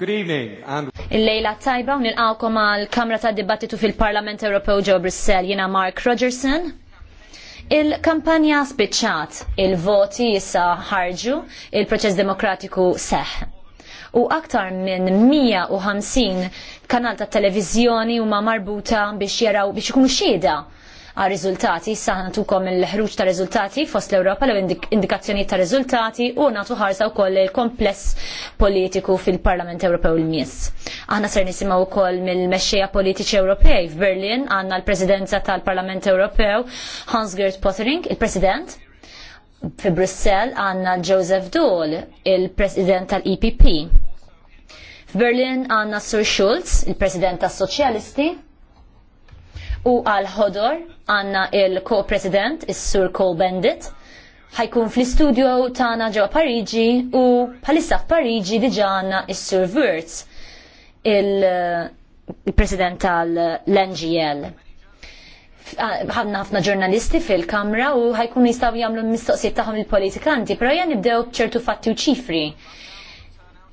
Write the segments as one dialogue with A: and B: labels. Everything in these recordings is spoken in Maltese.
A: Good evening. And...
B: Il-lejla tajba u nilqawkom għal Kamra ta' Dibattitu fil-Parlament Ewropew ġew Brussell jiena Mark Rogerson. Il-kampanja spiċċat, il-voti issa ħarġu, il-proċess demokratiku seħ. U aktar minn 150 kanal ta' televizjoni huma marbuta biex jaraw biex ikunu xieda għal riżultati, issa kom il-ħruġ ta' riżultati fost l europa l indikazzjoni ta' riżultati u natu ħarsa wkoll il-kompless politiku fil-Parlament Ewropew il-mies. Aħna ser nisimgħu wkoll mill-mexxejja politiċi Ewropej f'Berlin għandna l-Presidenza tal-Parlament Ewropew Hans-Gert Pottering, il-President, fi Brussell għanna Joseph Dole, il-President tal-EPP. F'Berlin għanna Sir Schulz, il-President tas-Soċjalisti, U għal-ħodor għanna il-ko-president, il-sur Cole-Bendit, ħajkun fl-istudio tana ġewa Pariġi u bħalissa f'Pariġi diġa għanna il-sur Wurz, il-president tal-NGL ħadna ħafna ġurnalisti fil-kamra u ħajkun jistaw jagħmlu mistoqsijiet tagħhom il-politikanti, però jien nibdew ċertu fatti u ċifri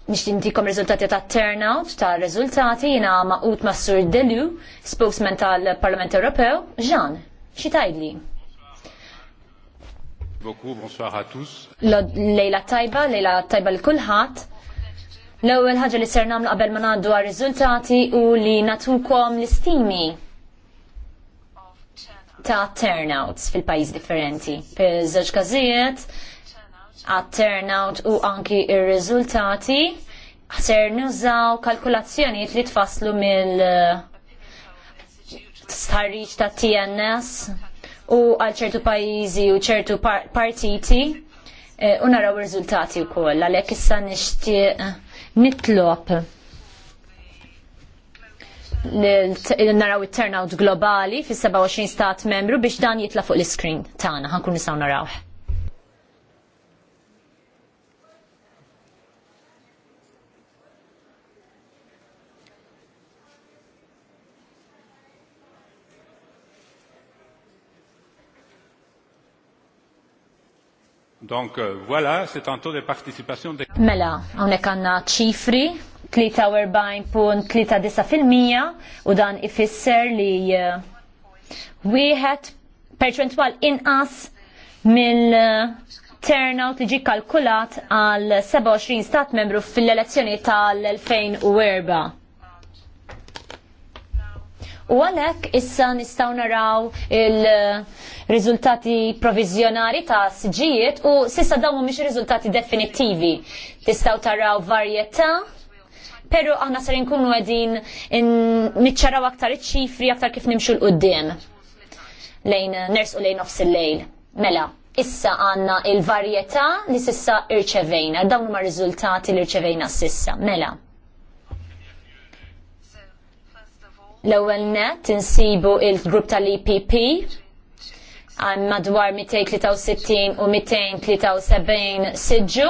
B: nixtintikom rizultati ta' turnout ta' rizultati jina maqut ma' Sur Delu, spokesman tal-Parlament Ewropew, Jean, xi tajdli? Lejla tajba, lejla tajba l-kulħat. L-ewwel ħaġa li ser nagħmlu qabel ma ngħaddu għar-riżultati u li natukom l-istimi ta' turnouts fil-pajjiż differenti. Per żewġ każijiet, għat-turnout u anki il riżultati ser nużaw kalkulazzjonijiet li tfasslu mill uh, starriċ ta' TNS u għal ċertu pajjiżi u ċertu partiti eh, u naraw ir-riżultati wkoll għalhekk issa nixtieq eh, nitlob naraw it-turnout globali fi 27 stat membru biex dan jitla fuq l-iskrin tagħna ħankun nistgħu narawh.
C: Donc euh, voilà, c'est un taux de participation de...
B: Mela, għonek għanna ċifri, 43.39% u dan ifisser li uh, wieħed perċentwal inqas mill-turnout uh, li ġi kalkulat għal 27 stat membru fil-elezzjoni tal-2004. U għalhekk issa nistgħu naraw il-riżultati provizjonari ta' siġijiet u sissa dawn mhumiex riżultati definittivi. Tistgħu taraw varjetà Pero aħna sarin nkunu għedin niċċaraw aktar iċ-ċifri aktar kif nimxu l-qoddim. Lejn ners u lejn nofs il-lejl. Mela, issa għanna il-varjetà li sissa irċevejna, dawn huma riżultati li rċevejna sissa. Mela. L-ewwel net insibu il-grupp tal-EPP għal madwar 263 u 273 siġġu. U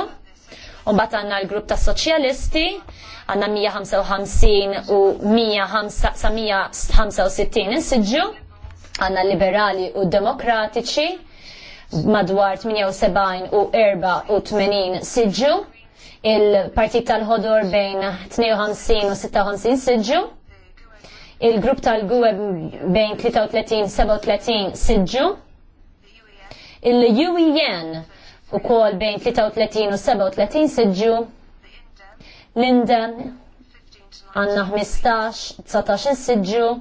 B: mbagħad għandna l-grupp tas-soċjalisti għandna 155 u 165 insiġġu. Għandna liberali u demokratiċi madwar 78 u 84 siġġu il-partit tal ħodur bejn 52 u 56 siġġu il-grupp tal-gwe bejn 33-37 siġġu, il-UEN u kol bejn 33 u 37 siġġu, l-indem għanna 15-19 siġġu,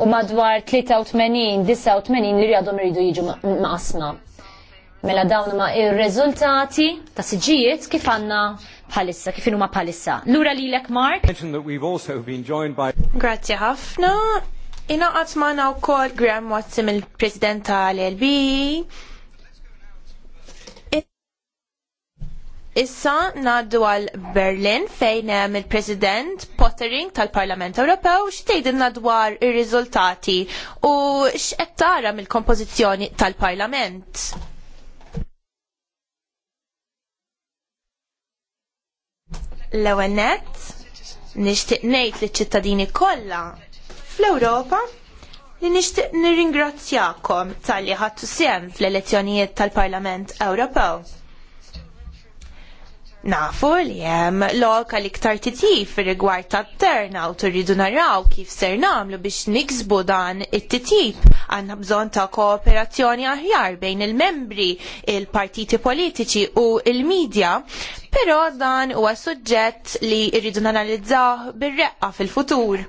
B: u madwar 83-89 li rjadhom iridu jiġu maqsma. Mela dawn ma ir-riżultati ta' siġijiet kif għandna bħalissa, kif huma bħalissa.
D: Lura lilek Mark.
B: Grazzi ħafna.
A: Inaqat magħna wkoll Graham Watson il-President tal-LB. Issa naddu għal Berlin fejn hemm il-President Pottering tal-Parlament Ewropew x'tgħidilna dwar ir-riżultati u x'qed tara mill-kompożizzjoni tal-Parlament. L-ewwel nett nixtieq ngħid liċ-ċittadini kollha fl-Ewropa li nixtieq nirringrazzjakom talli ħadtu sehem fl-elezzjonijiet tal-Parlament Ewropew nafu li hemm lokal iktar titjib rigward tat u irridu naraw kif ser nagħmlu biex niksbu dan it-titjib. Għandna bżonn ta' kooperazzjoni aħjar bejn il-membri, il-partiti politiċi u l medja però dan huwa suġġett li rridu nanalizzaw bir-reqqa fil-futur.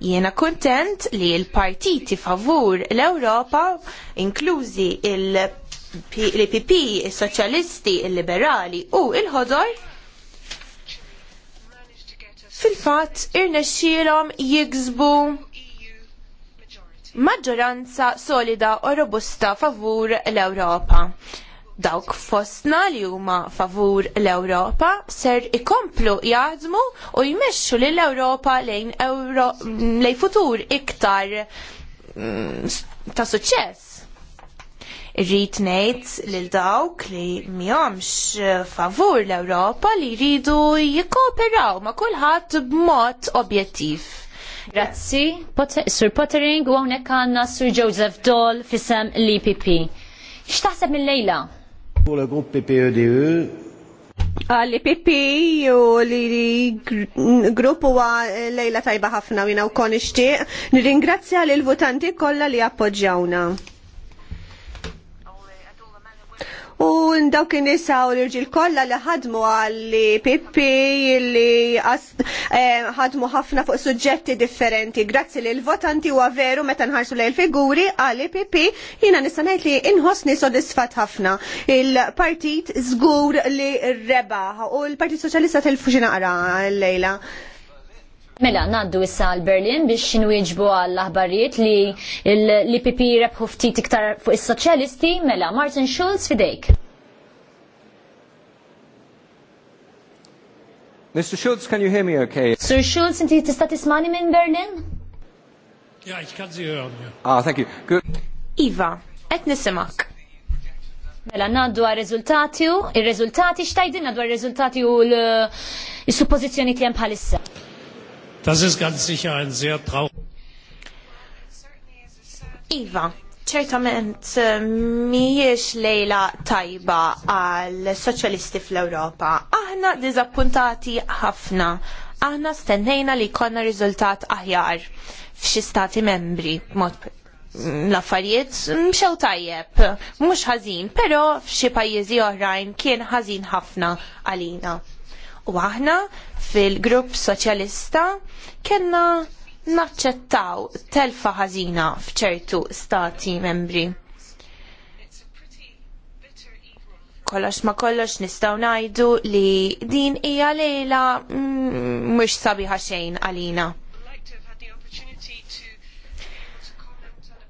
A: Jiena kuntent li l-partiti favur l-Ewropa, inklużi il- l-IPP, il-Soċjalisti, il-Liberali u il-Ħodor fil-fatt irnexxielhom jiksbu maġġoranza solida u robusta favur l-Ewropa. Dawk fostna li huma favur l-Ewropa ser ikomplu jaħdmu u jmexxu lill ewropa lejn lejn futur iktar mm, ta' suċċess rrit ngħid lil dawk li mihomx eh, favur l-Ewropa li jridu
B: jikkooperaw ma' kulħadd b'mod objettiv. Grazzi, Sur Pottering u hawnhekk għandna Sur Joseph Doll fisem l-IPP. X'taħseb mill-lejla?
C: Pour le groupe PPEDE, e.
B: e
D: u li grupp huwa lejla tajba ħafna u jina u konixtieq. Nirringrazzja l-votanti kollha li appoġġawna u dawk in-nisa u l-irġil kollha li ħadmu għalli Pippi li eh, ħadmu ħafna fuq suġġetti differenti. Grazzi li l-votanti huwa veru meta nħarsu lejn figuri għalli Pippi jiena nista' ngħid li inħossni sodisfat ħafna. Il-partit żgur li rebaħ. u l-Partit Soċjalista
B: tilfu xi għara l-lejla. Mela, naddu issa għal Berlin biex nwieġbu għall aħbarijiet li l-IPP rebħu ftit iktar fuq is-soċjalisti, mela Martin Schulz fidejk.
A: Mr. Schulz, can you hear me okay? Sir
B: Schulz, inti tista tismani minn Berlin?
C: Ja, ich kann Sie hören.
A: Ah, thank you. Good. Iva,
B: et nisimak. Mela, naddu għal rezultati u, il-rezultati, xtajdin naddu għal rezultati u l-suppozizjoni klien bħalissa.
C: Das ist ganz sicher ein sehr traurig.
A: Iva, ċertament eh, miex lejla tajba għal soċjalisti fl-Ewropa. Aħna dizappuntati ħafna. Aħna stennejna li konna riżultat aħjar f'xi stati membri mod l-affarijiet mxew tajjeb, mhux ħażin, però f'xi pajjiżi oħrajn kien ħażin ħafna għalina. U aħna fil-grupp soċjalista kena naċċettaw telfa ħażina f'ċertu stati membri. Kollox ma kollox nistaw najdu li din hija lejla mm, mhux sabiħa xejn għalina.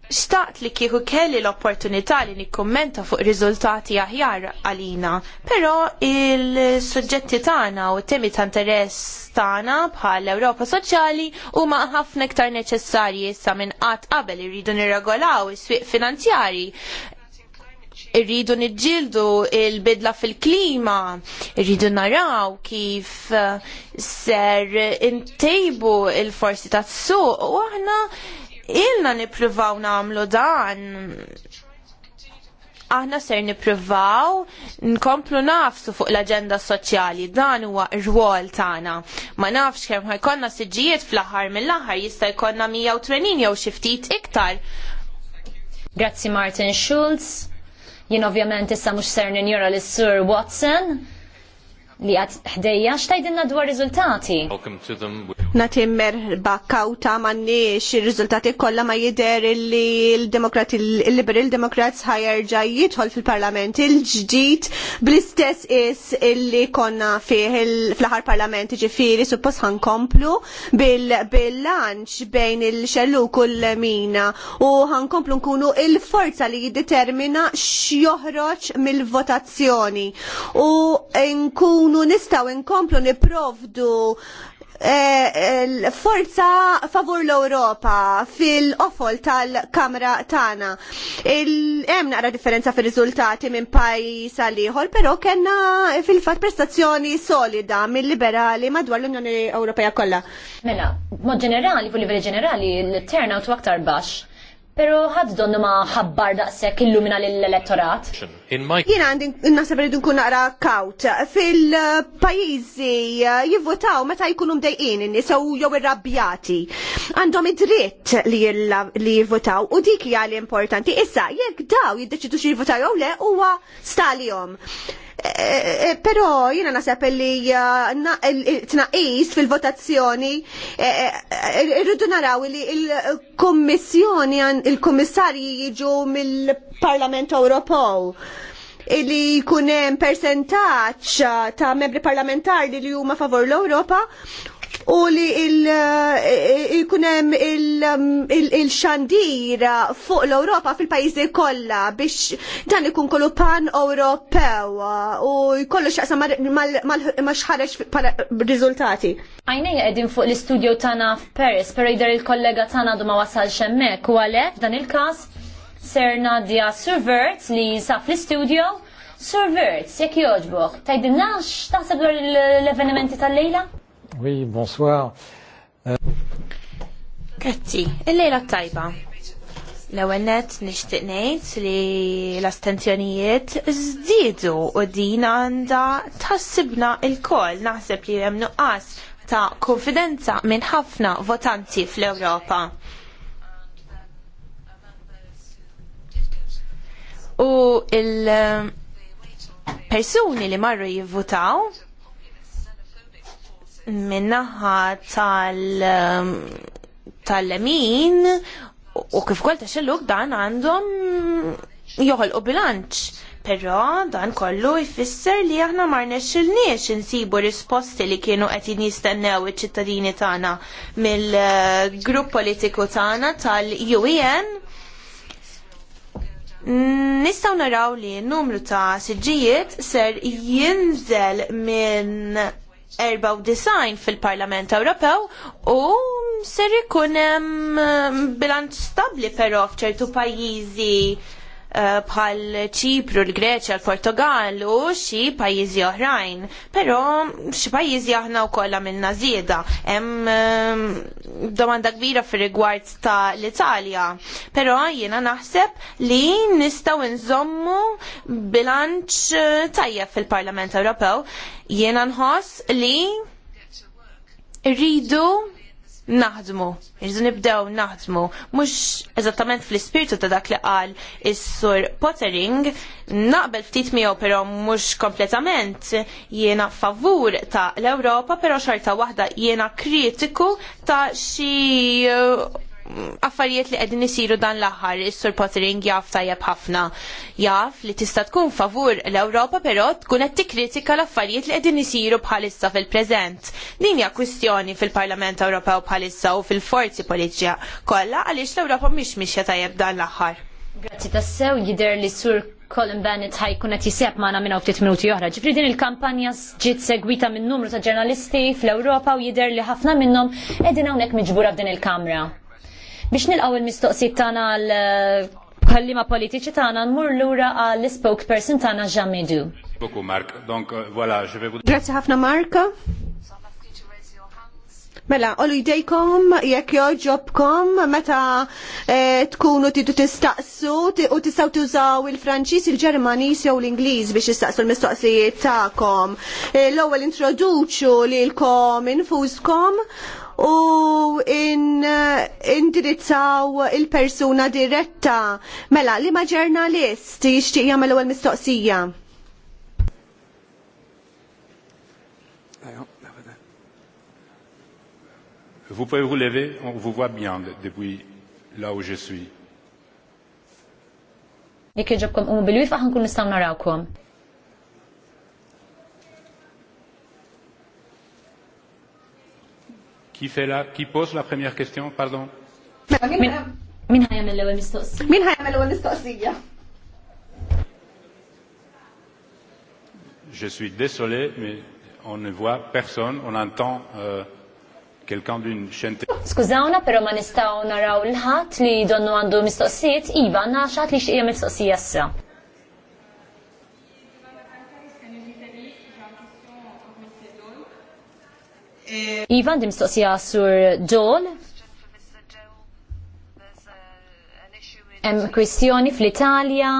A: Xtaqt li kieku kelli l-opportunità li nikkommenta fuq riżultati aħjar għalina, però il-suġġetti tagħna u temi ta' interess tagħna bħal Ewropa Soċjali huma ħafna iktar neċessarji issa minn qatt qabel irridu nirregolaw is-swieq finanzjarji irridu niġġieldu il-bidla fil-klima, irridu naraw kif eh, ser intejbu il-forsi tas-suq u aħna Ilna niprivaw namlu dan. Aħna ser niprivaw nkomplu nafsu fuq l-agenda soċjali dan huwa r-rwol tagħna. Ma nafx kemm ħajkonna siġijiet fl-aħħar mill-aħħar jista' jkollna 180
B: jew xi ftit iktar. Grazzi Martin Schulz. Jien ovvjament issa mhux ser ninjura lis-Sur Watson li għad ħdejja xtajdinna dwar riżultati. Nati merħba bakkawta manni
D: il-riżultati kollha ma jider li l-demokrati il-liberal demokrats ħajerġa jidħol fil-parlament il-ġdid bl-istess is illi konna fih fl-aħħar parlament ġifieri suppost ħankomplu bil-lanċ bejn il-xellu kull mina u ħankomplu nkunu il-forza li jiddetermina x'joħroġ mill-votazzjoni u nkunu nkunu nistgħu nkomplu nipprovdu eh, eh, forza favur l-Europa fil-qofol tal-kamra tagħna. Hemm naqra differenza fir-riżultati minn pajjiż għal ieħor, però kellna fil-fatt prestazzjoni solida
B: mill-liberali madwar l-Unjoni Ewropea kollha. Mela, mod ġenerali, fuq livell ġenerali, l-turnout aktar baxx Pero ħad donnu ma ħabbar daqshekk illumina lill-elettorat.
C: Jiena
D: għandi naħseb rridu nkun naqra kaut. Fil-pajjiżi eh, jivvotaw meta jkunu mdejqin in-nies jew irrabjati. Għandhom id-dritt li jivvotaw u dik hija li importanti. Issa jekk daw jiddeċidu xie jivvotaw jew le huwa stalihom. Eh, eh, però jiena naħseb li eh, tnaqis fil-votazzjoni irridu naraw li il-kommissjoni il kummissarji jiġu mill-Parlament Ewropew li jkun hemm persentaġġ ta' membri parlamentari li huma favor l-Ewropa u li il-kunem eh, il-xandir mm, fuq l-Europa fil-pajizi kolla biex dan ikun kollu pan Ewropew u jkollu xaqsa maċħarex
B: rizultati. Għajnej għedin fuq l istudio tana f'Paris, pero jider il-kollega tana du ma wasal xemmek u għalek dan il-kas ser Nadia Survert li saf fl istudio Survert, jek joġbok, tajdinna taħseb l evenimenti tal-lejla?
C: Oui, bonsoir.
A: Grazzi, il-lejla tajba. L-ewwel nett nixtieq ngħid li l-astenzjonijiet żdiedu u din għandha tassibna l-koll naħseb li hemm nuqqas ta' konfidenza minn ħafna votanti fl-Ewropa. U il-persuni li marru jivvutaw minnaħa tal um, tal-lemin u kif kol ta' xelluk dan għandhom joħolqu bilanċ. Però dan kollu jfisser li aħna ma rnexxilniex insibu risposti li kienu qed jistennew iċ-ċittadini tagħna mill-grupp politiku tagħna tal-UN e Nistaw naraw li n numru ta' siġijiet ser jinżel minn design fil-Parlament Ewropew u ser ikun hemm mm, bilanċ stabbli però f'ċertu pajjiżi Eh, bħal ċipru, l-Greċja, l portogallu u xi pajjiżi oħrajn. Però xi pajjiżi aħna wkoll għamilna żieda. Hemm eh, domanda kbira fir-rigward ta' l-Italja. Però jiena naħseb li nistgħu nżommu bilanċ tajjeb fil-Parlament Ewropew. Jiena nħoss li rridu naħdmu, irridu nibdew naħdmu, mhux eżattament fl-ispirtu ta' dak li qal is-sur Pottering, naqbel ftit miegħu però mhux kompletament jiena favur ta' l-Ewropa, però xorta waħda jiena kritiku ta' xi affarijiet li qegħdin isiru dan l-aħħar, is-Sur Pottering jaf tajjeb ħafna. Jaf li tista' tkun favur l-Ewropa però tkun qed tikkritika l-affarijiet li qegħdin isiru bħalissa fil-preżent. Din hija kwistjoni fil-Parlament Ewropew bħalissa u fil-forzi politiċi kollha għaliex l-Ewropa mhix mixja tajjeb dan l-aħħar.
B: Grazzi tassew jidher li sur Colin Bennett ħajkun qed jiseb magħna minn ftit minuti oħra. Ġifri din il-kampanja ġiet segwita minn numru ta' ġurnalisti fl-Ewropa u jidher li ħafna minnhom qegħdin hawnhekk miġbura f'din il-kamra. Biex nilqaw il-mistoqsijiet tagħna għal kallima eh, politiċi tagħna nmur lura għall spokesperson tagħna Jean Medu.
C: Euh,
B: Grazie ħafna Marka.
D: Mela, u jdejkom, jekk joġobkom, meta eh, tkunu titu tistaqsu u tistaw tużaw il-Franċis, il-Ġermanis jew l-Ingliż biex tistaqsu l-mistoqsijiet tagħkom. Eh, l-ewwel introduċu lilkom infuskom u eh, indirizzaw il-persuna diretta. Mela, li ma ġurnalist jixtieq jagħmel ewwel mistoqsija?
C: Vous pouvez vous lever, on vous voit bien depuis là où je suis.
B: Jekk iġobkom u bil-wif aħan kun nistaw narawkom.
C: Qui fait la, qui pose la première question, pardon?
B: Min ħajam l-ewel mistoqsija? Min ħajam l-ewel mistoqsija?
C: Je suis désolé, mais on ne voit personne, on entend euh, din xente.
B: Skużawna, pero ma nistaw naraw l-ħat li donnu għandu mistoqsijiet, iva, naxħat li xieqja mistoqsija issa. Iva, għandi mistoqsija sur dol. Hemm kwistjoni fl-Italja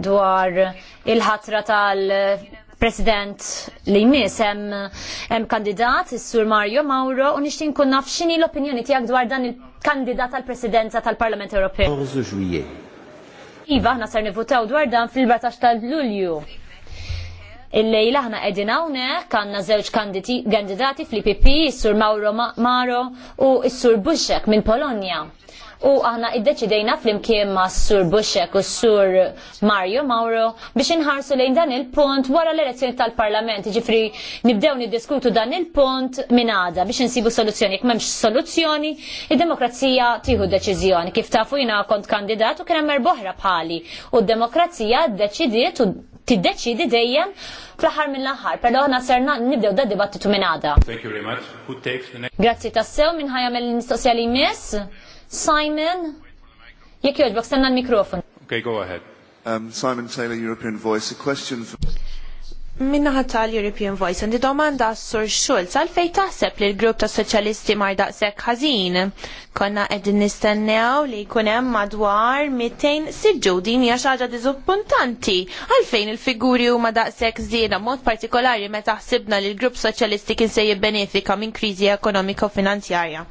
B: dwar il-ħatra tal- President li jmiss hemm kandidat, is-Sur Mario Mauro, u nixtieq nkun naf x'inhi l-opinjoni tiegħek dwar dan il-kandidat tal-Presidenza tal-Parlament Ewropew. Iva, aħna ser nivutaw dwar dan fil-14 tal-Lulju. il aħna qegħdin hawnhekk għandna żewġ kandidati fl-IPP, is-Sur Mauro Mauro u s-Sur Buxek minn Polonja u aħna fl flimkien ma' s-sur Bushek u s-sur Mario Mauro biex inħarsu lejn dan il-punt wara l-elezzjoni tal-parlament. Ġifri nibdew niddiskutu dan il-punt minn għada biex insibu soluzzjoni. Jek memx soluzzjoni, id-demokrazija tiħu deċizjoni. Kif tafu jina kont kandidat u kien hemm boħra bħali u d-demokrazija ddeċidiet u tiddeċidi dejjem fl-aħħar mill-aħħar, però aħna serna nibdew da dibattitu minn għada.
C: Thank you very much.
B: Grazzi tassew minn ħajja l mistoqsija li miss. Simon, jekk jogħġbok stanna l-mikrofon.
C: Ok, go ahead.
A: Um, Simon Taylor, European Voice, a question for...
B: Minna l European
A: Voice, għandi domanda s-sur Schulz, għalfej taħseb li l-grupp ta' soċjalisti mar daqsek ħazin. Konna edin nistennew li kunem madwar 200 siġu din hija xaġa diżappuntanti. Għalfejn il-figuri huma daqsek zina mod partikolari meta ħsibna li l-grupp soċjalisti kien se jibbenefika minn kriżi ekonomika u finanzjarja.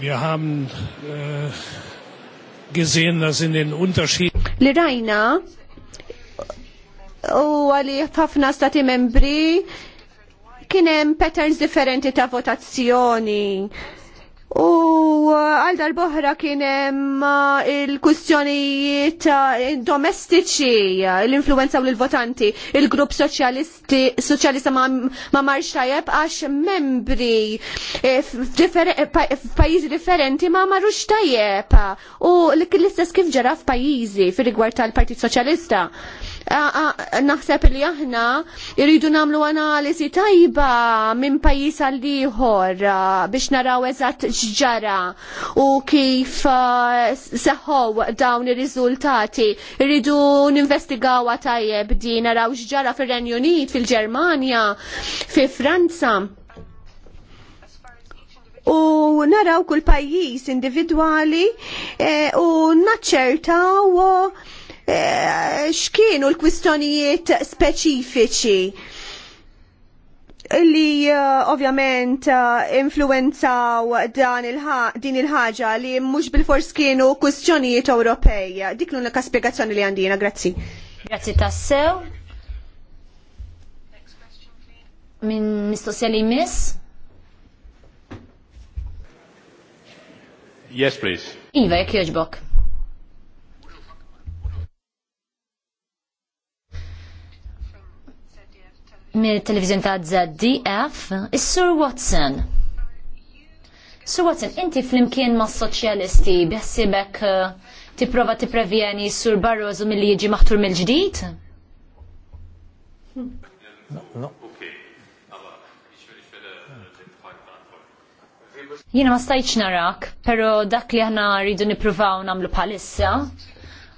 C: Wir haben äh, gesehen, dass in den Unterschieden.
D: Li u għali ħafna stati membri kienem patterns differenti ta' votazzjoni U uh, għal darboħra kien hemm uh, il-kustjonijiet uh, domestiċi l-influenza u l-votanti. Il-grupp soċjalista ma, ma marx tajjeb għax membri eh, eh, f'pajjiżi differenti ma marrux tajjeb. U l-istess kif ġara f'pajjiżi fir rigward tal-Partit Soċjalista naħseb li aħna irridu nagħmlu analiżi tajba minn pajjiż għal ieħor biex naraw eżatt x'ġara u kif seħħow dawn ir-riżultati. Irridu ninvestigawha tajjeb di naraw x'ġara fir-Renju Unit, fil-Ġermanja, fi Franza. U naraw kull pajjiż individwali e, u naċċertaw Eh, x'kienu l-kwistjonijiet speċifiċi li eh, ovvjament eh, influenzaw dan il din il-ħaġa li mhux bil-fors kienu kwistjonijiet Ewropej. Dik l-unika spjegazzjoni li għandina, grazzi. Grazzi tassew.
B: Min mistoqsija li miss?
C: Yes, please. Iva, jek
B: joġbok. mill-televizjon ta' ZDF, is-Sur Watson. Sur Watson, inti flimkien ma' soċjalisti biħsibek uh, tipprova tipprevjeni Sur Barroso milli jiġi maħtur mill-ġdid?
C: No, no. Uh,
B: Jiena ma stajċ narak, pero dak li ħana rridu nippruvaw nagħmlu bħalissa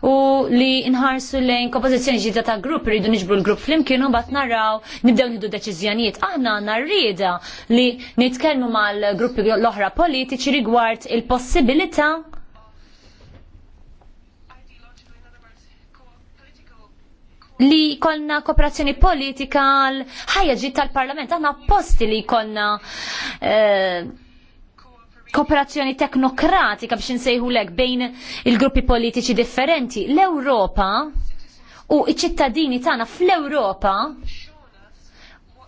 B: u li nħarsu lejn kompozizjoni ġdida ta' grupp rridu niġbru l-grupp flimkien u bat naraw nibdew nidu deċiżjonijiet. Aħna għandna rrieda li nitkellmu mal-gruppi l-oħra politiċi rigward il-possibilità li kolna kooperazzjoni politika l ħajja tal-parlament, aħna posti li kolna eh, kooperazzjoni teknokratika biex nsejħu lek bejn il-gruppi politiċi differenti. L-Ewropa u iċ-ċittadini tagħna fl-Ewropa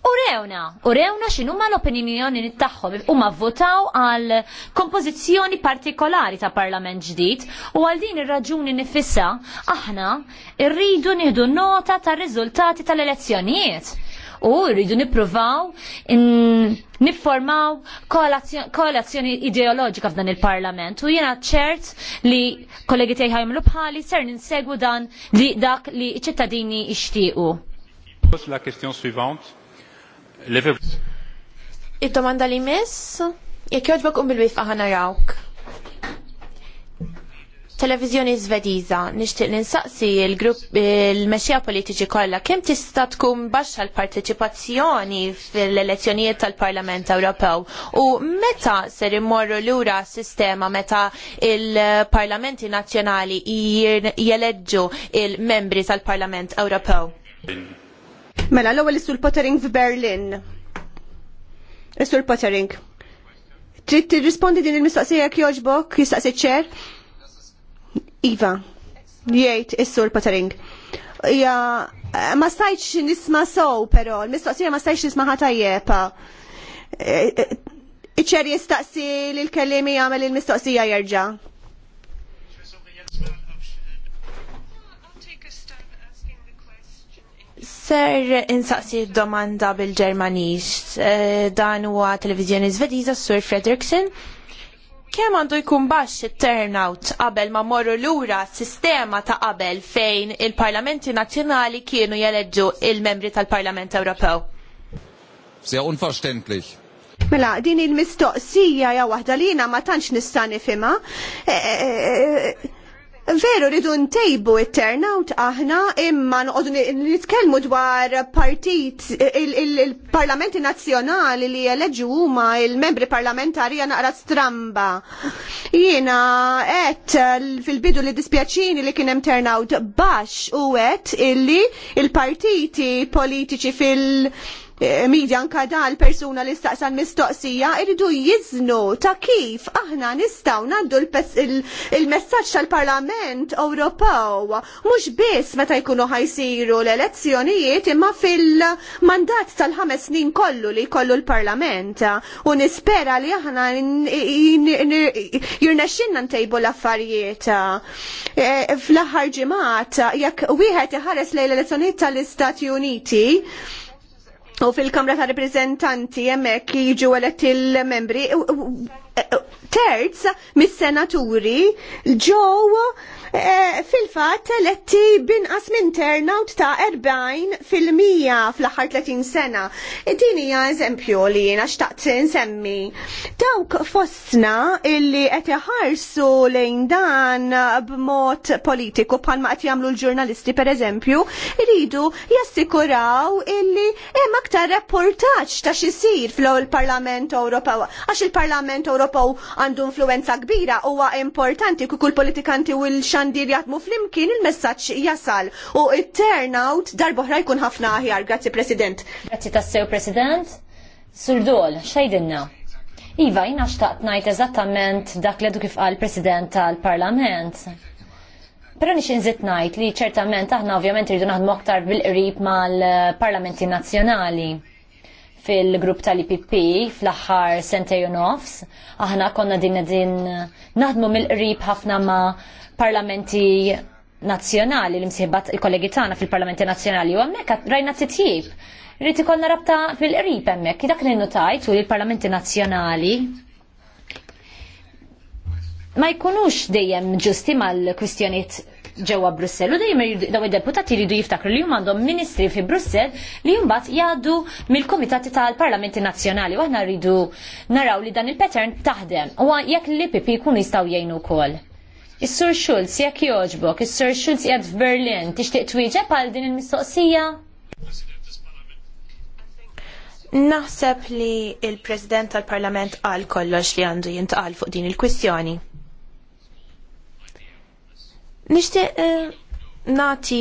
B: Urewna, urewna x'inhuma l-opinjoni tagħhom huma votaw għal kompożizzjoni partikolari ta' parlament ġdid u għal din ir-raġuni nifissa aħna rridu nieħdu nota tar-riżultati tal-elezzjonijiet u rridu nippruvaw nifformaw koalazzjoni ideoloġika f'dan il-Parlament u jiena ċert li kollegi tiegħi ħajmlu bħali ser ninsegwu dan li dak li ċittadini ixtiequ. Id-domanda li
A: miss, jekk jogħġbok um bil-wifqa ħana rawk televizjoni zvediza nixtieq ninsaqsi l-grupp il-mexxija politiċi kollha kemm tista' tkun baxxa l partiċipazzjoni fil-elezzjonijiet tal-Parlament Ewropew u meta ser immorru lura sistema meta il-parlamenti nazzjonali jeleġġu il-membri tal-Parlament Ewropew.
D: Mela l-ewwel is l Pottering f'Berlin. Is-Sur Pottering. Trid tirrispondi din il-mistoqsija jekk jogħġbok, jistaqsi ċer? Iva, jgħid is-sur Patering. Ja, ma stajtx nisma sow, pero, l-mistoqsija ma stajtx nisma ħatajepa. E, e, iċer jistaqsi li l-kellimi jgħamil il-mistoqsija jerġa.
A: Ser insaqsi domanda bil ġermanis e, dan huwa televizjoni Svediża Sur Fredrickson kemm għandu jkun baxx it-turnout qabel ma morru lura sistema ta' qabel fejn il-Parlamenti Nazzjonali kienu jeleġġu
D: il-membri tal-Parlament Ewropew?
C: Sehr unverständlich.
D: Mela, din il-mistoqsija ja waħda li ma tantx nista' nifhimha. Eh, eh, eh, Veru rridu ntejbu it-turnout aħna imma noqogħdu nitkellmu dwar partit il-parlamenti nazzjonali li jeleġu huma il-membri parlamentari naqra stramba. Jiena għedt fil-bidu li dispjaċini li kien hemm turnout baxx u għedt illi il-partiti politiċi fil- Eh, media anka dal persuna li staqsan mistoqsija irridu jiznu ta' kif aħna nistaw nandu il-messaġġ tal-Parlament Ewropew mhux biss meta jkunu ħajsiru l-elezzjonijiet imma fil-mandat tal-ħames snin kollu li kollu l-Parlament u nispera li aħna jirnexxinna ntejbu l-affarijiet eh, fl-aħħar ġimgħat jekk wieħed iħares lejn l-elezzjonijiet tal-Istati Uniti U fil-Kamra ta' Reprezentanti hemmhekk jiġu għalet il membri terz mis-senaturi ġew e, fil-fatt eletti binqas minn turnout ta' 40 fil-mija fl-aħħar 30 sena. Din hija eżempju li jiena xtaqt nsemmi. Dawk fostna illi qed iħarsu lejn dan b'mod politiku bħalma qed jagħmlu l-ġurnalisti pereżempju, iridu jassikuraw illi hemm aktar rapportaġġ ta' xisir fl-Parlament Ewropew għax il-Parlament Ewropew għandu influenza kbira huwa importanti kull politikanti u l-xandir jaħdmu flimkien il-messaġġ jasal u it-turnout darbohra jkun ħafna
B: aħjar. Grazzi President. Grazzi tassew President. Surdol, xejdinna? Iva, jina xtaqt najt eżattament dak li kif qal president tal-parlament. Pero nix inżit najt li ċertament aħna ovvjament rridu naħdmu aktar bil-qrib mal-parlamenti nazzjonali fil-grupp tal-IPP fl-axħar sentej u nofs. Aħna konna din din naħdmu mill-qrib ħafna ma' parlamenti nazzjonali li msiħbat il-kollegi tagħna fil-parlamenti nazzjonali u għamnek rajna titjib Rriti ikollna rabta fil-qrib hemmhekk, dak li notajt u l-Parlamenti Nazzjonali ma jkunux dejjem ġusti mal-kwistjonijiet ġewwa Brussell u dejjem daw id-deputati jridu jiftakru li huma għandhom ministri fi Brussell li mbagħad jgħaddu mill-kumitati tal-Parlamenti Nazzjonali u aħna rridu naraw li dan il-pattern taħdem u jekk l-IPP jkunu jistgħu jgħinu wkoll. Is-Sur Schulz jekk jogħġbok, is-Sur Schulz qiegħed f'Berlin, tixtieq twieġeb għal din il-mistoqsija?
A: Naħseb li il-President tal-Parlament għal kollox li għandu jintqal fuq din il-kwistjoni. Nishtiq eh, nati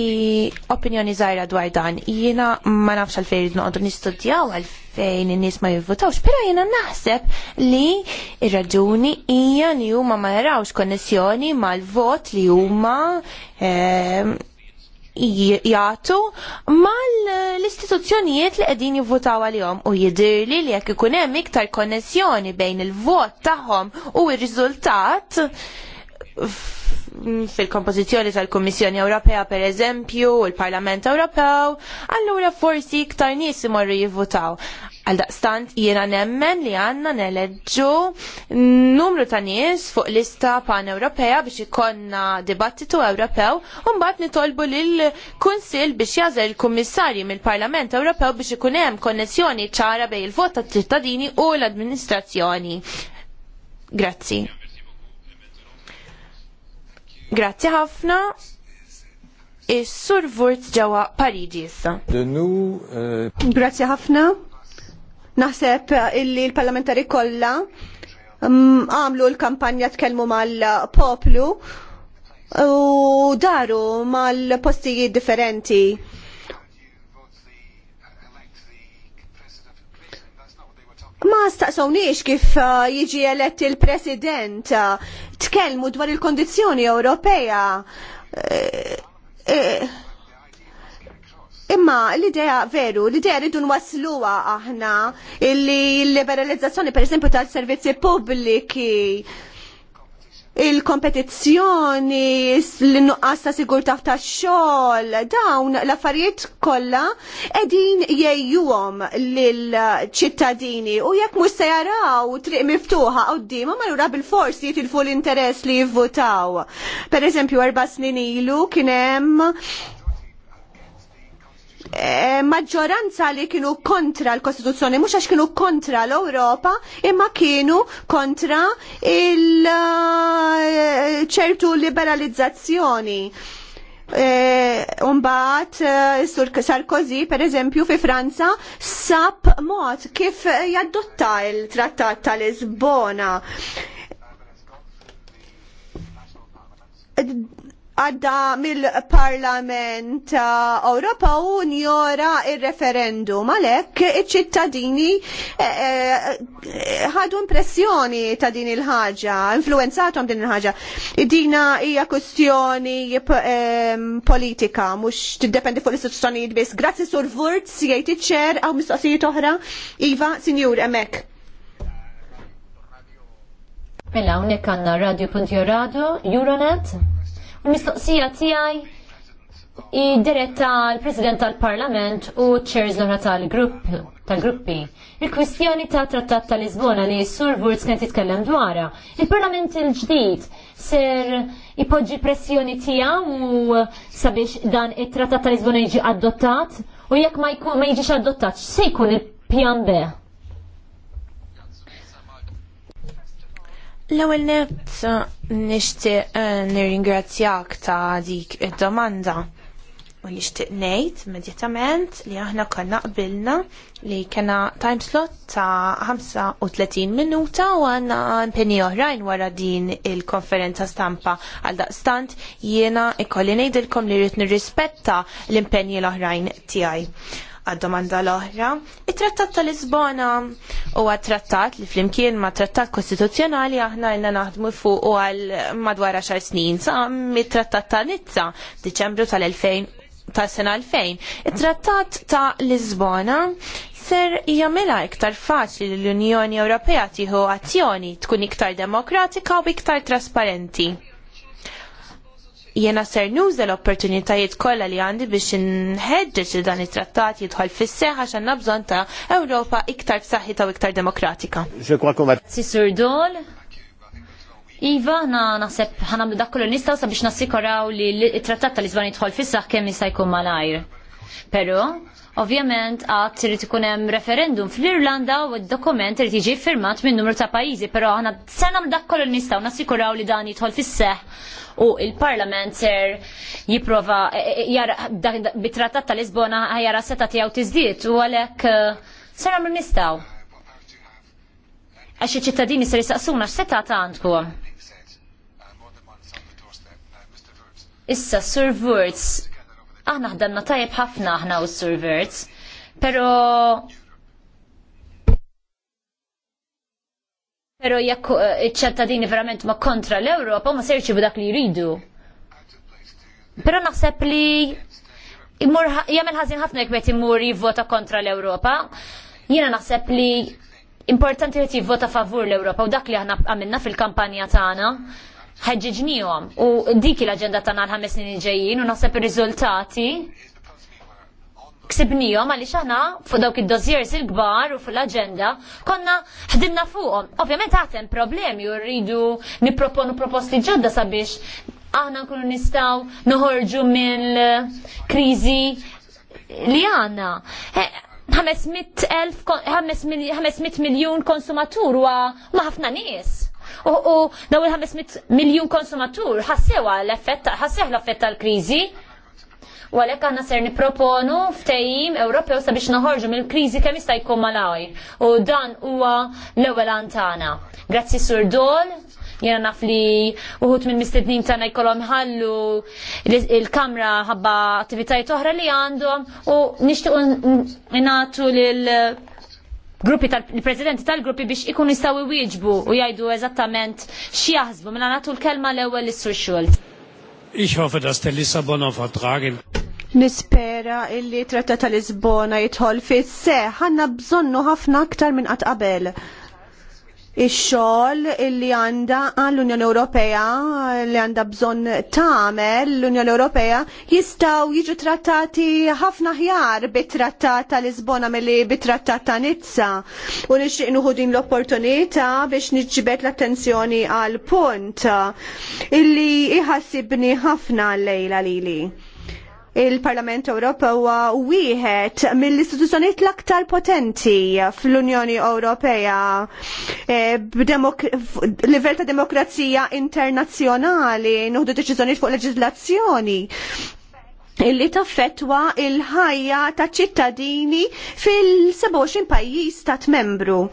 A: opinjoni zaħira dwar dan. Jina ma nafx id noqdu nistudjaw għalfejn n-nis ma jivvotawx, pero jina naħseb li ir-raġuni hija li huma ma jarawx konnessjoni mal-vot li huma eh, jgħatu mal-istituzzjonijiet li qegħdin jivvutaw għalihom u jidirli li jekk ikun hemm iktar konnessjoni bejn il-vot tagħhom u r-riżultat fil-kompożizzjoni tal-Kummissjoni Ewropea per eżempju u l-Parlament Ewropew, allura forsi iktar nies imorru jivvutaw. Għal daqstant jiena nemmen li għanna neleġġu numru ta' nies fuq lista pan-Ewropea biex ikonna dibattitu Ewropew u mbagħad nitolbu lil kunsil biex jażel il-Kummissarji mill-Parlament Ewropew biex ikun hemm konnessjoni ċara bejn il-vot tat-ċittadini u l-amministrazzjoni. Grazzi. Grazzi ħafna. Is-Sur Vurt ġewwa Pariġi issa.
D: Uh, Grazzi ħafna. Naħseb illi l-parlamentari kollha mm, għamlu l-kampanja tkellmu mal-poplu u daru mal-postijiet differenti Ma staqsawniex kif uh, jiġi elett il-President uh, tkellmu dwar il-kondizjoni Ewropea. Uh, imma l-idea veru, l-idea rridu nwasluha aħna il l-liberalizzazzjoni per esempio tal-servizzi pubbliki il-kompetizzjoni, l-nuqqas ta' sigurtà ta' xogħol, dawn l-affarijiet kollha qegħdin jgħijuhom lill-ċittadini u jekk mhux se jaraw triq miftuħa l allura bil forsi jitilfu l-interess li jivvutaw. Pereżempju erba' snin ilu kien hemm Eh, maġġoranza li kienu kontra l-Kostituzzjoni, mhux għax kienu kontra l-Ewropa, imma kienu kontra il-ċertu eh, liberalizzazzjoni. Eh, Umbat, Sarkozy, per eżempju, fi Franza, sab mod kif jaddotta il-trattat tal-Lisbona għadda mill-Parlament eh, Ewropa u njora il-referendum. Għalek, iċ-ċittadini eh, eh, ħadu impressjoni ta' din il-ħagġa, influenzatom din il-ħagġa. Dina hija kwestjoni ehm, politika, mux tiddependi fuq l-istituzzjonijiet biss. Grazzi sur Vurz, jgħid iċċer, għaw mistoqsijiet oħra. Iva, sinjur, emek.
B: Mela, unek għanna Radio Euronet. Mistoqsija tiegħi diretta l-President tal-Parlament u ċerż l ħra tal-grupp tal-gruppi. Il-kwistjoni ta' trattat tal-Lisbona li s-sur Wurz kien titkellem dwarha. Il-Parlament il-ġdid ser ipoġġi pressjoni tiegħu u sabiex dan it-trattat tal-Lisbona jiġi adottat u jekk ma jkun ma jiġix adottat, se jkun il-pjan B?
A: L-ewwel nett nixtieq eh, nirringrazzjak ta' dik id-domanda. U nixtieq ngħid immedjatament li aħna konna qbilna li kena time slot ta' 35 minuta u għanna impenni oħrajn wara din il-konferenza stampa għal daqstant jiena ikolli ngħidilkom li rrid nirrispetta l-impenni l-oħrajn tiegħi għad-domanda l-oħra. Il-trattat tal Lisbona huwa trattat li flimkien ma' trattat kostituzzjonali aħna jna naħdmu fuq u għal madwar 10 snin sa' mit-trattat ta' Nizza Deċembru tal-2000 ta' sena 2000. Il-trattat ta' Lisbona ser jamela iktar faċli li l-Unjoni Ewropea tieħu azzjoni tkun iktar demokratika u iktar trasparenti Jiena ser nuża l-opportunitajiet kollha li għandi biex inħeġġeġ li dan it-trattat jidħol fis-seħħa x'għandna bżonn ta' Ewropa iktar b'saħħitha u iktar demokratika.
B: Sisur Dol, Iva, na naseb ħanamlu dak kollu nistaw sabiex nassikuraw li t-trattat tal-Lisbon jidħol fis kemm jista' jkun malajr. Però, Ovvjament għad trid ikun hemm referendum fl-Irlanda u d-dokument irid jiġi firmat minn numru ta' pajjiżi, però aħna sena' nagħmlu dak kollu nistgħu nassikuraw li dan jidħol fis-seħħ u il-Parlament ser jipprova e, e, e, jara bit-Trattat ta' Lisbona jara seta' tiegħu tiżdied u għalhekk se nagħmlu nistgħu. Għax iċ-ċittadini ser jistaqsuna x'seta' għandkom. Issa, Sir Wurz, Aħna ħdanna tajjeb ħafna aħna u s-surverts, pero Pero jekk eh, iċ-ċittadini verament ma kontra l-Ewropa ma serċi b'dak li jridu. Pero naħseb li imur jagħmel ħażin ħafna jekk qed imur jivvota kontra l-Ewropa. Jiena naħseb li importanti qed jivvota favur l-Ewropa u dak li aħna għamilna fil-kampanja tagħna ħeġġiġnijom u dik l-agenda tagħna l-ħames snin ġejjin u naħseb ir-riżultati ksibnijom għalli xaħna fuq dawk id-dossiers il-gbar u l agenda konna ħdimna fuqhom. Ovvjament għatem problemi u rridu niproponu proposti ġodda sabiex aħna nkunu nistaw noħorġu mill-krizi li għanna. 500 miljon konsumatur u ħafna nies u daw il-500 miljun konsumatur ħassewa l-effett, ħasseħ l-effett tal-krizi. U għalek għanna ser niproponu ftejim Ewropew sabiex naħorġu mill-krizi kemm jista' jkun malajr. U dan huwa l-ewwel antana. Grazzi Sur Dol, jena naf li uħut minn mistednin tagħna jkollhom ħallu il-kamra ħabba attivitajiet oħra li għandhom u nixtiequ nagħtu lil gruppi tal-presidenti tal-gruppi biex ikun jistgħu jwieġbu u jgħidu eżattament x'jaħsbu mela nagħtu l-kelma l-ewwel l sur Schulz.
C: Ich hoffe, dass der Lissabonner
B: Nispera illi trattat tal-Lisbona
D: jidħol fis seħ ħanna bżonnu ħafna aktar minn qatt qabel ix-xogħol illi għandha l-Unjoni Ewropea li għandha bżonn tagħmel l-Unjoni Ewropea jistgħu jiġu trattati ħafna ħjar bit-trattat ta' Lisbona milli bit-trattat ta' Nizza. U nixtieq nieħu din l-opportunità biex niġġibed l-attenzjoni għal punt illi iħassibni ħafna l-lejla lili il-Parlament Ewropew huwa wieħed mill-istituzzjonijiet l-aktar potenti fl-Unjoni Ewropea eh, b'livell livell ta' demokrazija internazzjonali, nuħdu deċiżjonijiet fuq leġiżlazzjoni illi taffetwa il-ħajja ta' ċittadini fil-27 pajjiż stat membru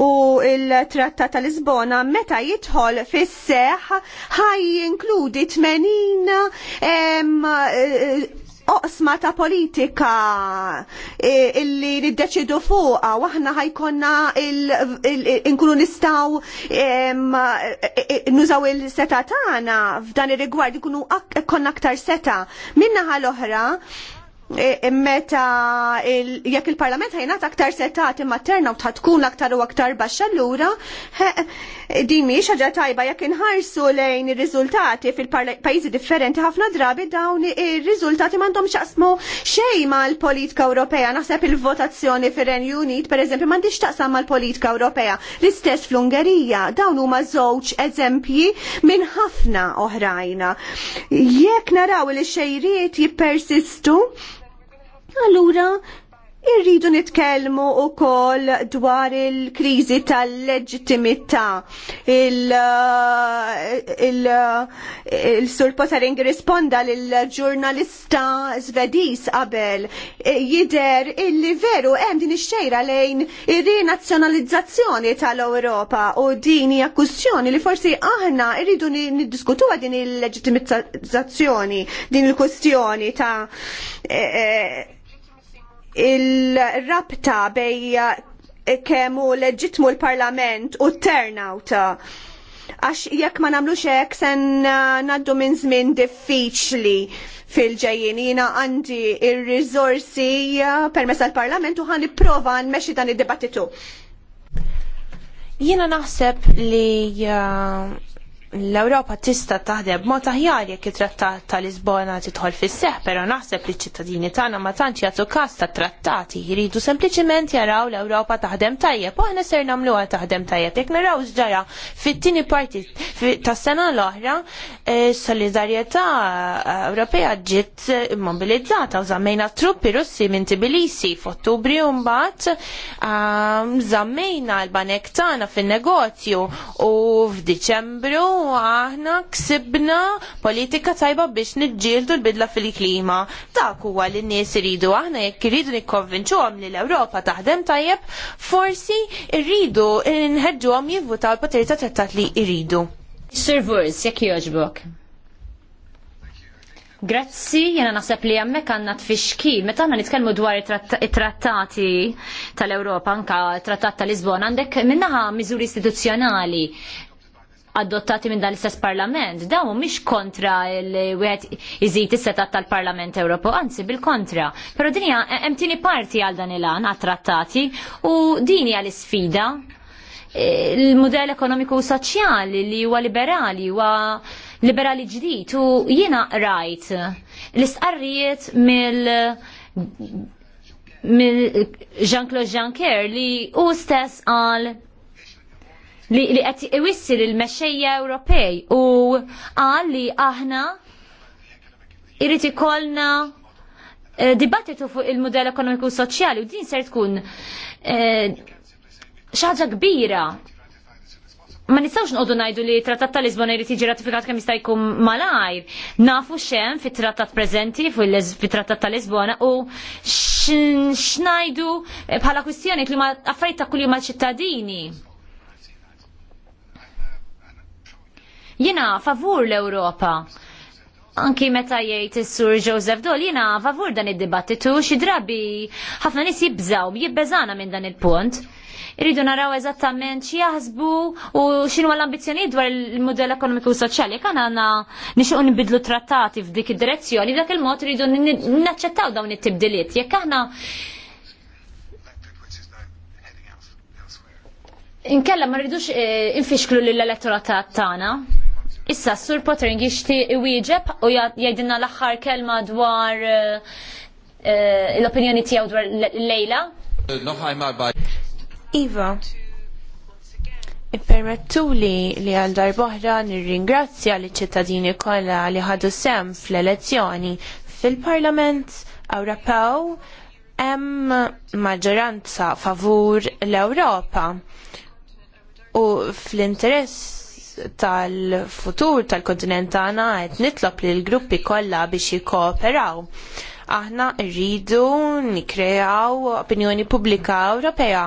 D: u il-trattat tal-Lisbona meta jidħol fis seħ ħaj jinkludi 80 eh, oqsma ta' politika eh, illi niddeċidu fuqa waħna ħajkonna inkunu nistaw eh, nużaw il-seta tagħna f'dan ir-rigward ikunu konna aktar seta minna ħal oħra E, e, meta jekk il-Parlament ħajnat aktar setat materna u tkun aktar u aktar baxxa allura e, din mhix ħaġa tajba jekk inħarsu lejn ir-riżultati fil-pajjiżi differenti ħafna drabi dawn ir-riżultati m'għandhom x'aqsmu xejn mal-politika Ewropea. Naħseb il-votazzjoni fir-Renju Unit pereżempju m'għandix taqsam mal-politika Ewropea. L-istess fl-Ungerija dawn huma żewġ eżempji minn ħafna oħrajna. Jekk naraw li xejriet jippersistu Allura, irridu nitkellmu u kol dwar il-krizi tal leġittimità Il-sur uh, uh, Pottering risponda l-ġurnalista svedis qabel e, jider illi veru hemm din ix lejn ir-rinazzjonalizzazzjoni tal-Ewropa u din hija kwistjoni li forsi aħna irridu niddiskutuha din il-leġitimizzazzjoni, din il-kwistjoni ta' e, e, il-rabta bej eh, kemmu leġitmu l-parlament u turnout għax jekk ma nagħmlux hekk sen ngħaddu minn żmien diffiċli fil-ġejjin. Jiena għandi ir rizorsi eh, permezz tal-Parlament u ħan nipprova nmexxi dan id-dibattitu. Jiena
A: naħseb li eh, l-Ewropa tista' taħdem b'mod aħjar jekk it-Trattat ta' Lisbona tidħol fis-seħħ, però naħseb li ċ-ċittadini tagħna ma tantx jagħtu każ tat-trattati, jridu sempliċement jaraw l-Ewropa taħdem tajjeb u aħna ser nagħmluha taħdem tajjeb. Jekk naraw ġara fit-tieni parti tas-sena l-oħra, e, solidarjetà Ewropea ġiet immobilizzata u żammejna truppi Russi minn Tbilisi f'Ottubri u mbagħad żammejna l-banek tagħna fin-negozju u f'Diċembru u aħna ksibna politika tajba biex niġġieldu l-bidla fil-klima. Dak huwa li n-nies iridu aħna jekk iridu nikkonvinċuhom li l-Ewropa taħdem tajjeb, forsi rridu nħeġġuhom jivvutaw l-poter ta' trattat li jridu. Sir Vurs, jekk jogħġbok.
B: Grazzi, jena naħseb li hemmhekk għanna t-fixki. Meta għanna nitkelmu dwar it-trattati tal-Europa, anka trattat tal-Lisbon, għandek minnaħa miżuri istituzzjonali adottati minn dal-istess parlament, dawn mhumiex kontra l-wieħed iżid is-setat tal-Parlament Ewropew, anzi bil-kontra. Però din hija hemm tieni parti għal dan il-għan għat-trattati u din hija l-isfida e, il-modell ekonomiku u soċjali li huwa liberali huwa liberali ġdid u jiena rajt l-istqarrijiet mill mill Jean-Claude Juncker li u stess għal li qed iwissir il-mexxejja Ewropej u qal li aħna irid ikollna eh, dibattitu fuq il-modell ekonomiku soċjali u din ser tkun eh, xaġa kbira. Ma nistawx nqogħdu ngħidu li trattat ta' Lisbona jrid jiġi ratifikat kemm jista' jkun malajr. Nafu x'hemm fit-trattat preżenti fit-trattat ta' Lisbona u x'ngħidu bħala kwistjoni li ma affarijiet ta' kuljum mal-ċittadini Jiena favur l-Ewropa. Anki meta jgħid is-sur Joseph Dol jiena favur dan id-dibattitu xi drabi ħafna nies jibżaw, jibbeżana minn dan il-punt. Irridu naraw eżattament xi jaħsbu u x'inhu l-ambizzjonijiet dwar il-mudell ekonomiku u soċjali. Kan għandna nixuq nibidlu trattati f'dik id-direzzjoni, b'dak il-mod irridu naċċettaw dawn it-tibdiliet. Jekk aħna Inkella ma rridux eh, infixklu lill elettorat tagħna. Issa Sur Pottering jixtieq iwieġeb u jgħidilna l-aħħar kelma dwar eh, eh, l-opinjoni tiegħu dwar lejla. Iva,
A: ippermettuli li li għal darbohra nirringrazzja li ċittadini kollha li ħadu sem fl-elezzjoni fil-Parlament Ewropew hemm maġġoranza favur l-Ewropa u fl-interess tal-futur tal-kontinent tagħna qed nitlob l gruppi kollha biex jikkooperaw. Aħna rridu nikkreaw opinjoni pubblika Ewropea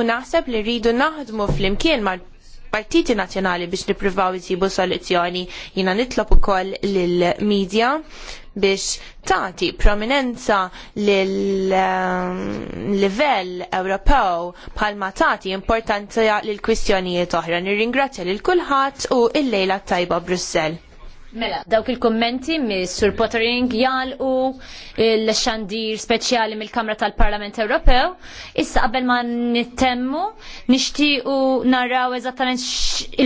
A: u naħseb li rridu naħdmu flimkien mal partiti nazzjonali biex nippruvaw jisibu soluzzjoni. Jiena nitlob ukoll lill-medja biex tagħti prominenza l ehm, livell Ewropew bħalma tati importanza lil kwistjonijiet oħra. Nirringrazzja lil kulħadd u il lejla tajba Brussell.
B: Mela, dawk il-kommenti mis Sur Pottering u l-xandir speċjali mill-Kamra tal-Parlament Ewropew. Issa qabel ma nittemmu nixtiequ naraw eżattament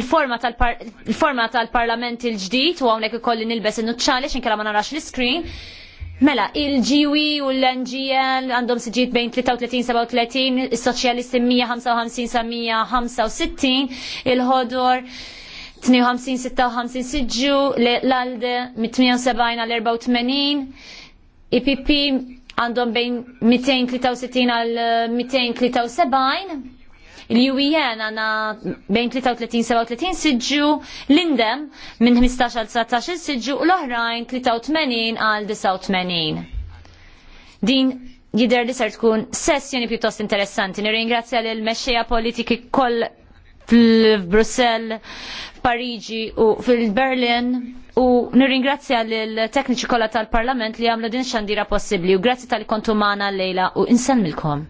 B: il-forma tal-Parlament il forma tal parlament il ġdid u hawnhekk ikolli nilbes in-nuċċali x'inkella ma narax mela, l iscreen Mela, il-GW u l-NGL għandhom siġiet bejn 33-37, il-Soċjalisti 155-165, il-Ħodor 52-56 siġu l-alde 78 għal 84 IPP għandhom bejn 263 għal 273 il-UEN għana bejn 33-37 siġu l-indem minn 15 għal 19 siġu u l-oħrajn 83 għal 89 din jider li ser tkun sessjoni pjuttost interessanti. Nirringrazzja l mexxejja politiki koll fil f'Pariġi u fil-Berlin u nirringrazzja l-tekniċi kollha tal-Parlament li għamlu din xandira possibbli u grazzi tal-kontumana lejla u insemmilkom.